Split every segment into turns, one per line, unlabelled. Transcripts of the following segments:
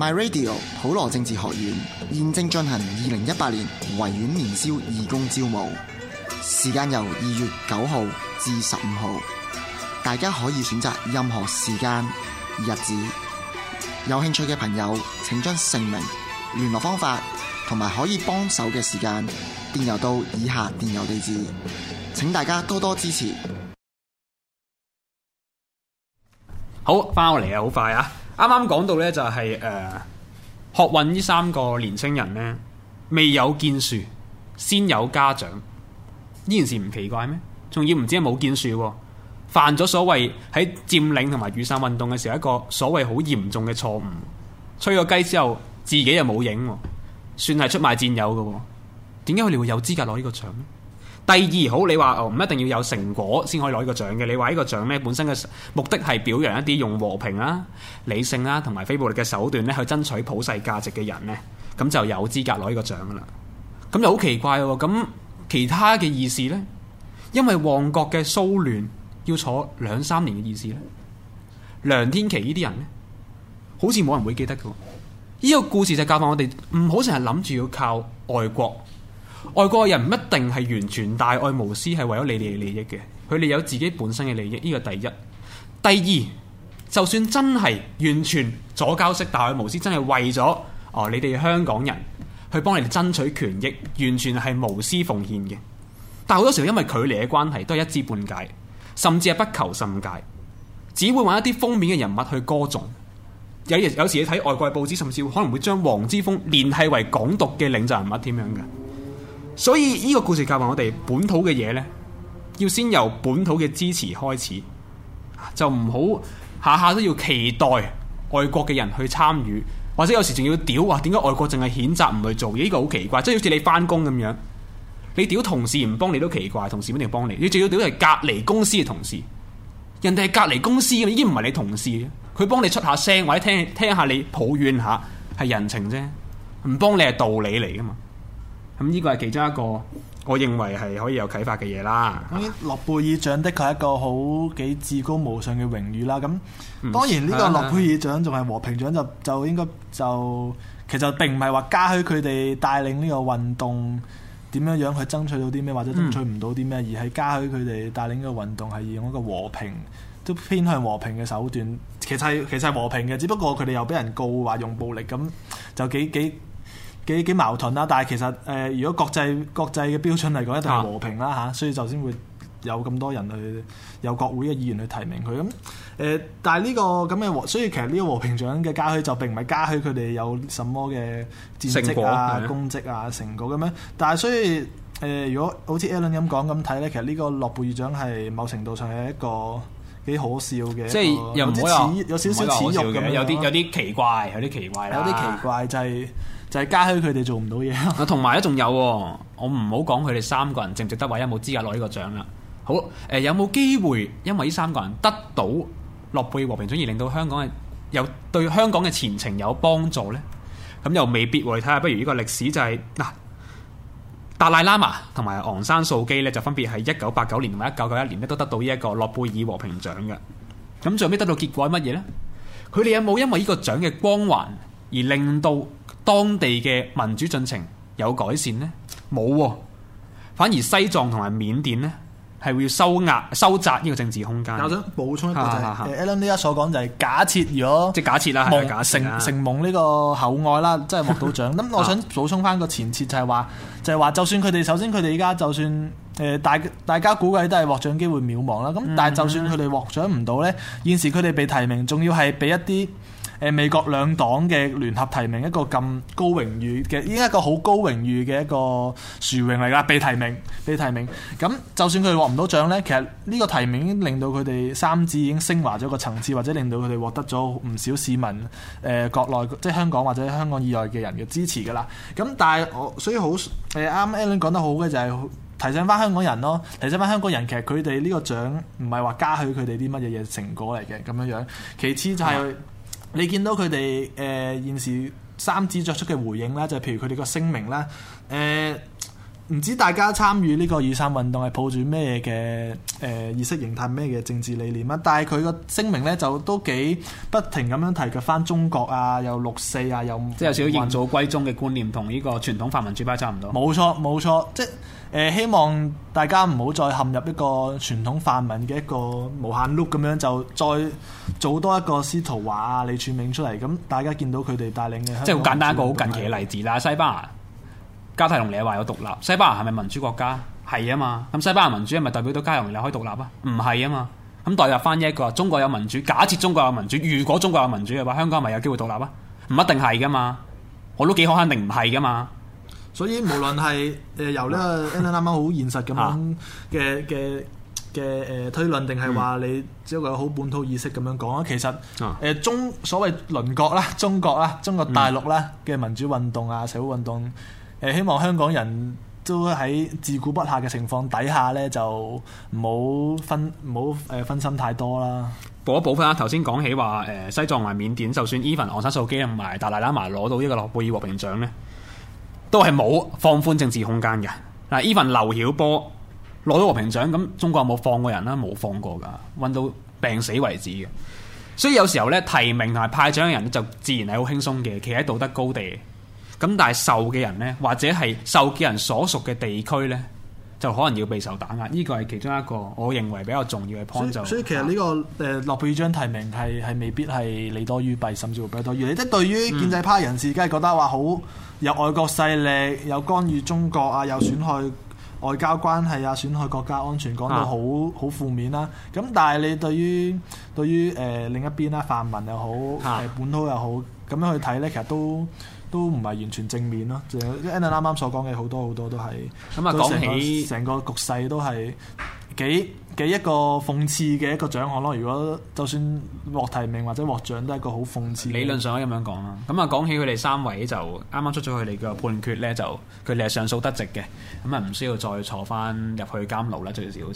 My Radio 普羅政治學院現正進行二零一八年維園年宵義工招募，時間由二月九號至十五號，大家可以選擇任何時間日子。有興趣嘅朋友，請將姓名、聯絡方法同埋可以幫手嘅時間電郵到以下電郵地址，請大家多多支持。好，翻我嚟啊，好快啊！啱啱講到呢，就是，就係誒，學運呢三個年青人呢，未有建樹先有嘉獎，呢件事唔奇怪咩？仲要唔知係冇建樹，哦，犯咗所謂喺佔領同埋雨傘運動嘅時候一個所謂好嚴重嘅錯誤，吹個雞之後自己又冇影，算係出賣戰友嘅，哦，點解佢哋會有資格攞呢個獎呢？第二好，你話唔一定要有成果先可以攞呢個獎嘅。你話呢個獎咧，本身嘅目的係表揚一啲用和平啊、理性啊同埋非暴力嘅手段咧去爭取普世價值嘅人呢，咁就有資格攞呢個獎噶啦。咁就好奇怪喎、哦。咁其他嘅意思呢？因為旺角嘅騷亂要坐兩三年嘅意思呢？梁天琦呢啲人呢？好似冇人會記得噶、哦。呢、這個故事就教翻我哋，唔好成日諗住要靠外國。外國人唔一定係完全大愛無私，係為咗你哋嘅利益嘅。佢哋有自己本身嘅利益，呢個第一。第二，就算真係完全左膠式大愛無私，真係為咗哦你哋香港人去幫你哋爭取權益，完全係無私奉獻嘅。但好多時候因為距離嘅關係，都係一知半解，甚至係不求甚解，只會揾一啲封面嘅人物去歌頌。有時有時你睇外國報紙，甚至可能會將黃之鋒聯繫為港獨嘅領袖人物點樣嘅。所以呢個故事教埋我哋本土嘅嘢呢，要先由本土嘅支持開始，就唔好下下都要期待外國嘅人去參與，或者有時仲要屌啊。點解外國淨係譴責唔去做？呢、這個好奇怪，即係好似你翻工咁樣，你屌同事唔幫你都奇怪，同事唔一定幫你，你仲要屌係隔籬公司嘅同事，人哋係隔籬公司嘅，已經唔係你同事，佢幫你出下聲或者聽聽下你抱怨下，係人情啫，唔幫你係道理嚟噶嘛。咁呢個係其中一個，我認為係可以有啟發嘅嘢啦。
咁諾貝爾獎的確係一個好幾至高無上嘅榮譽啦。咁當然呢個諾貝爾獎仲係和平獎，嗯、就就應該就其實並唔係話加許佢哋帶領呢個運動點樣樣去爭取到啲咩，或者爭取唔到啲咩，嗯、而係加許佢哋帶領嘅運動係用一個和平，都偏向和平嘅手段。其實其實係和平嘅，只不過佢哋又俾人告話用暴力，咁就幾幾幾幾矛盾啦，但係其實誒、呃，如果國際國際嘅標準嚟講，一定係和平啦吓、啊啊，所以就先會有咁多人去有國會嘅議員去提名佢咁誒。但係呢、這個咁嘅和，所以其實呢個和平獎嘅嘉許就並唔係嘉許佢哋有什麼嘅戰績啊、功績啊、成果咁樣。但係所以誒、呃，如果好似 Alan 咁講咁睇咧，其實呢個諾貝爾獎係某程度上係一個幾可笑嘅，即係、就是、個有唔少又唔可有笑有啲有
啲奇怪，有啲奇怪有啲奇怪、啊、就係、是。就係嘉許佢哋做唔到嘢。同埋咧，仲有我唔好講佢哋三個人值唔值得或有冇資格攞呢個獎啦。好，誒、呃、有冇機會因為呢三個人得到諾貝爾和平獎而令到香港嘅有對香港嘅前程有幫助呢？咁又未必喎。睇下不如呢個歷史就係、是、嗱、啊，達賴喇嘛同埋昂山素姬呢，就分別係一九八九年同埋一九九一年咧，都得到呢一個諾貝爾和平獎嘅。咁最尾得到結果係乜嘢呢？佢哋有冇因為呢個獎嘅光環而令到？當地嘅民主進程有改善呢？冇喎、啊，反而西藏同埋緬甸呢，係會要收壓收窄呢個政治空間。我想
補充一個就係，Alan 依家所講就係假設如果即假設啦夢、啊，成成夢呢個口愛啦，真係獲到獎。咁 我想補充翻個前設就係話， 就係話就算佢哋首先佢哋而家就算誒大大家估計都係獲獎機會渺茫啦。咁但係就算佢哋獲獎唔到呢，現時佢哋被提名，仲要係俾一啲。誒美國兩黨嘅聯合提名一個咁高榮譽嘅，依一個好高榮譽嘅一個殊榮嚟噶，被提名，被提名。咁就算佢哋獲唔到獎呢，其實呢個提名已經令到佢哋三子已經升華咗個層次，或者令到佢哋獲得咗唔少市民誒、呃、國內即係香港或者香港以外嘅人嘅支持噶啦。咁但係我所以、欸、剛剛 A 好誒啱 Allen 講得好嘅就係提醒翻香港人咯，提醒翻香港人其實佢哋呢個獎唔係話嘉許佢哋啲乜嘢嘢成果嚟嘅咁樣樣。其次就係、嗯。你見到佢哋誒現時三子作出嘅回應啦，就係譬如佢哋個聲明啦。誒、呃。唔知大家參與呢個雨傘運動係抱住咩嘅誒意識形態、咩嘅政治理念啊？但係佢個聲明咧就都幾不停咁樣提及翻中國啊，有六四啊，有即係有少少認祖歸宗嘅觀念，同呢個傳統泛民主派差唔多。冇錯，冇錯，即係、呃、希望大家唔好再陷入一個傳統泛民嘅一個無限 loop 咁樣，就再做多一個司徒華啊、李柱銘出嚟，咁大家見到佢哋
帶領嘅，即係好簡單一個好近期嘅例子啦，西班牙。加泰隆你也話有獨立，西班牙係咪民主國家？係啊嘛，咁西班牙民主係咪代表到加泰隆你可以獨立啊？唔係啊嘛，咁代入翻一個中國有民主，假設中國有民主，如果中國有民主嘅話，香港咪有機會獨立啊？唔一定係噶嘛，我都幾可肯定唔係噶嘛。所以無論係誒由呢
個 n i n 啱啱好現實嘅咁樣
嘅嘅嘅誒推論，定係話你
只不過好本土意識咁樣講啊。嗯、其實誒、呃、中所謂鄰國啦，中國啦，中國大陸啦嘅民主運動啊，社會運動，、啊、運動。誒，希望香港人都喺自顧不暇嘅情況底下咧，就唔好分唔好誒分心太
多啦。補一補翻啊，頭先講起話誒、呃，西藏同埋緬甸，就算 Even 昂山素姬同埋達賴喇嘛攞到呢個諾貝爾和平獎咧，都係冇放寬政治空間嘅。嗱，Even 劉曉波攞到和平獎，咁中國有冇放過人咧？冇放過噶，搵到病死為止嘅。所以有時候咧，提名同埋派獎嘅人就自然係好輕鬆嘅，企喺道德高地。咁但係受嘅人呢，或者係受嘅人所屬嘅地區呢，就可能要備受打壓。呢個係其中一個，我認為比較重要嘅 point。就所以其實呢個誒諾貝爾獎提名係係未必係利多於弊，甚至會弊多於利、嗯、即係對於建
制派人士，梗係覺得話好有外國勢力有干預中國啊，有損害外交關係啊，損害國家安全，講到好好負面啦。咁但係你對於對於誒另一邊啦，泛民又好、啊、本土又好，咁樣去睇呢，其實都。都唔係完全正面咯，即係啱啱所講嘅好多好多都係。咁啊起，講起成個局勢都係幾嘅一個諷刺嘅一個獎項
咯，如果就算獲提名或者獲獎都係一個好諷刺。理論上可以咁樣講啦。咁啊講起佢哋三位就啱啱出咗佢哋嘅判決咧，就佢哋係上訴得直嘅，咁啊唔需要再坐翻入去監牢啦，最少就。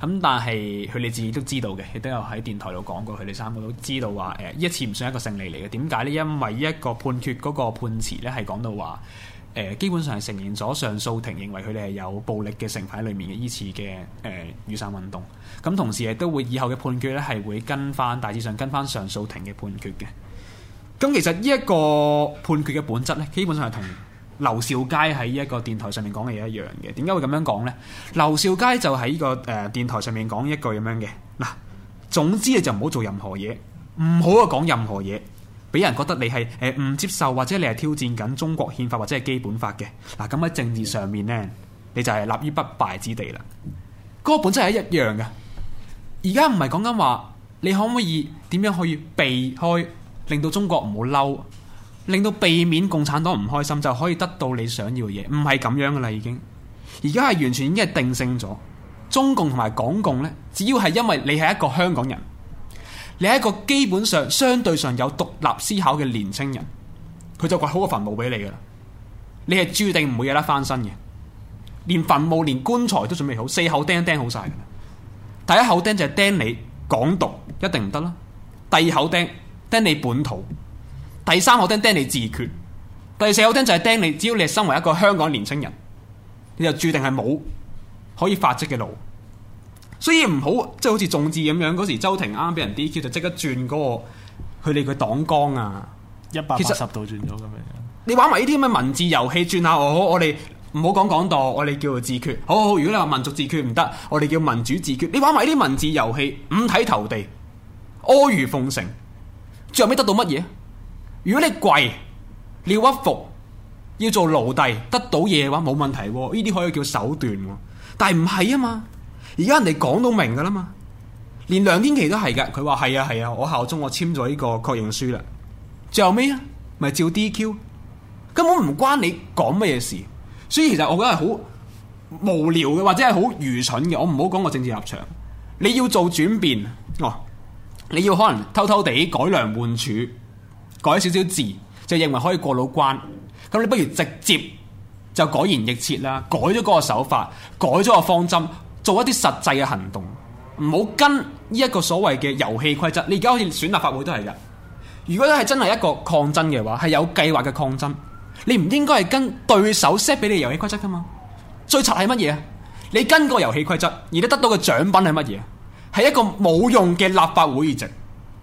咁但係佢哋自己都知道嘅，亦都有喺電台度講過，佢哋三個都知道話，誒、呃、一次唔算一個勝利嚟嘅。點解呢？因為呢一個判決嗰個判詞咧係講到話，基本上係承認咗上訴庭認為佢哋係有暴力嘅成分喺裡面嘅依次嘅誒、呃、雨傘運動，咁同時亦都會以後嘅判決咧係會跟翻大致上跟翻上訴庭嘅判決嘅。咁其實呢一個判決嘅本質咧，基本上係同劉兆佳喺呢一個電台上面講嘅嘢一樣嘅。點解會咁樣講呢？劉兆佳就喺呢、這個誒、呃、電台上面講一句咁樣嘅嗱，總之你就唔好做任何嘢，唔好啊講任何嘢。俾人覺得你係誒唔接受或者你係挑戰緊中國憲法或者係基本法嘅嗱，咁喺政治上面呢，你就係立於不敗之地啦。嗰、那個本質係一樣嘅。而家唔係講緊話你可唔可以點樣可以避開，令到中國唔好嬲，令到避免共產黨唔開心就可以得到你想要嘅嘢，唔係咁樣噶啦已經。而家係完全已經係定性咗，中共同埋港共呢，只要係因為你係一個香港人。你係一個基本上相對上有獨立思考嘅年青人，佢就掘好個墳墓俾你噶啦，你係注定唔會有得翻身嘅，連墳墓連棺材都準備好，四口釘釘好晒。第一口釘就係釘你港獨，一定唔得啦。第二口釘釘你本土，第三口釘釘你自決，第四口釘就係釘你，只要你係身為一個香港年青人，你就注定係冇可以發迹嘅路。所以唔好，即係好似眾志咁樣嗰時，周庭啱啱俾人 DQ 就即刻轉嗰、嗰個佢哋個黨綱啊，一百八十度轉咗咁樣。你玩埋呢啲咁嘅文字遊戲，轉下我，好，我哋唔好講講道，我哋叫做自決。好，好，如果你話民族自決唔得，我哋叫民主自決。你玩埋呢啲文字遊戲，五體投地、阿諛奉承，最後尾得到乜嘢？如果你跪、你屈服，要做奴隸，得到嘢嘅話冇問題、啊，呢啲可以叫手段。但係唔係啊嘛。而家人哋講到明噶啦嘛，連梁天琦都係噶，佢話係啊係啊，我效忠我簽咗呢個確認書啦，最後尾啊，咪照 DQ，根本唔關你講乜嘢事，所以其實我覺得係好無聊嘅，或者係好愚蠢嘅，我唔好講個政治立場，你要做轉變哦，你要可能偷偷地改梁換柱，改少少字就認為可以過到關，咁你不如直接就改弦易轍啦，改咗嗰個手法，改咗個方針。做一啲實際嘅行動，唔好跟呢一個所謂嘅遊戲規則。你而家好似選立法會都係噶。如果都係真係一個抗爭嘅話，係有計劃嘅抗爭。你唔應該係跟對手 set 俾你嘅遊戲規則噶嘛？最慘係乜嘢啊？你跟個遊戲規則而你得到嘅獎品係乜嘢啊？係一個冇用嘅立法會議席，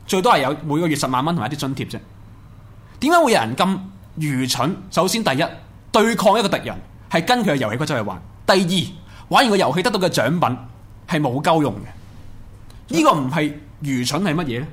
最多係有每個月十萬蚊同一啲津貼啫。點解會有人咁愚蠢？首先第一，對抗一個敵人係跟佢嘅遊戲規則去玩；第二，玩完個遊戲得到嘅獎品係冇鳩用嘅，呢以個唔係愚蠢係乜嘢咧？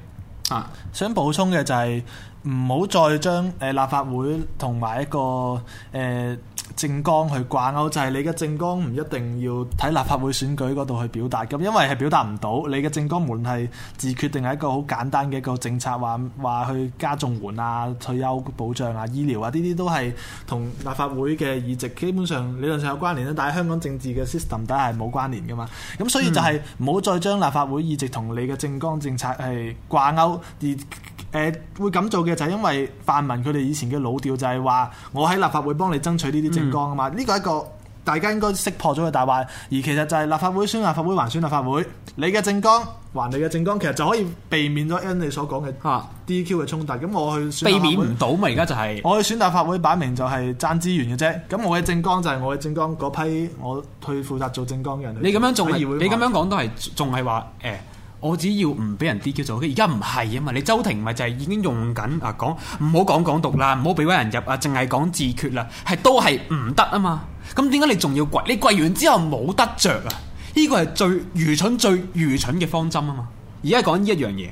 啊想、就是！想補充嘅就係唔好再將誒、呃、立
法會同埋一個。誒、呃。政綱去掛鈎，就係、是、你嘅政綱唔一定要睇立法會選舉嗰度去表達咁，因為係表達唔到。你嘅政綱無論係自決定係一個好簡單嘅一個政策，話話去加重援啊、退休保障啊、醫療啊，呢啲都係同立法會嘅議席基本上理論上有關聯啦。但係香港政治嘅 system 底下係冇關聯㗎嘛。咁所以就係唔好再將立法會議席同你嘅政綱政策係掛鈎而。誒會咁做嘅就係因為泛民佢哋以前嘅老調就係話我喺立法會幫你爭取呢啲政綱啊嘛，呢個、嗯、一個大家應該識破咗嘅大話，而其實就係立法會選立法會，還選立法會，你嘅政綱還你嘅政綱，其實就可以避免咗因你所講嘅嚇 DQ 嘅衝突。咁我去避免唔到
嘛，而家就係我
去選立法會擺、就是、明就係爭資源嘅啫。咁我嘅政綱就係我嘅政綱嗰批我去負責做政綱嘅人。你咁樣仲係你咁
樣講都係仲係話誒？我只要唔俾人啲叫做，而家唔係啊嘛！你周庭咪就係已經用緊啊，講唔好講港獨啦，唔好俾威人入啊，淨係講自決啦，係都係唔得啊嘛！咁點解你仲要跪？你跪完之後冇得着啊！呢個係最愚蠢、最愚蠢嘅方針啊嘛！而家講呢一樣嘢，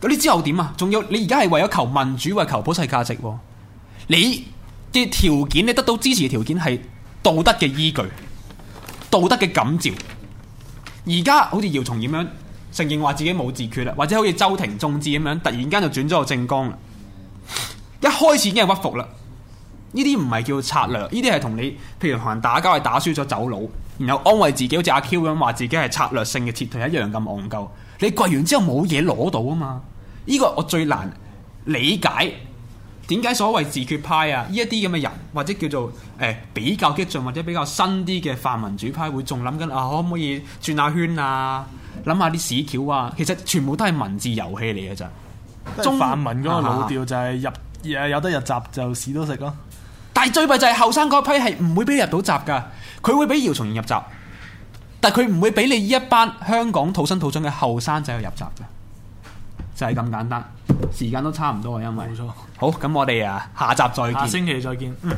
咁你之後點啊？仲要你而家係為咗求民主，為求普世價值，啊，你嘅條件你得到支持嘅條件係道德嘅依據，道德嘅感召。而家好似姚松咁樣，承認話自己冇自決啦，或者好似周庭眾志咁樣，突然間就轉咗個政綱啦。一開始已經係屈服啦，呢啲唔係叫策略，呢啲係同你，譬如同人打交係打輸咗走佬，然後安慰自己好似阿 Q 咁話自己係策略性嘅撤退，一樣咁戇鳩。你跪完之後冇嘢攞到啊嘛，呢個我最難理解。點解所謂自決派啊？呢一啲咁嘅人或者叫做誒、呃、比較激進或者比較新啲嘅泛民主派會仲諗緊啊？可唔可以轉下圈啊？諗下啲屎橋啊？其實全部都係文字遊戲嚟嘅咋，
中泛民嗰個老調
就係入、啊、哈有得入閘就屎都食咯。但係最弊就係後生嗰批係唔會俾你入到閘噶，佢會俾姚松炎入閘，但係佢唔會俾你呢一班香港土生土長嘅後生仔去入閘嘅。就係咁簡單，時間都差唔多啊，因為錯好咁，我哋啊下集再見，星期再見，嗯。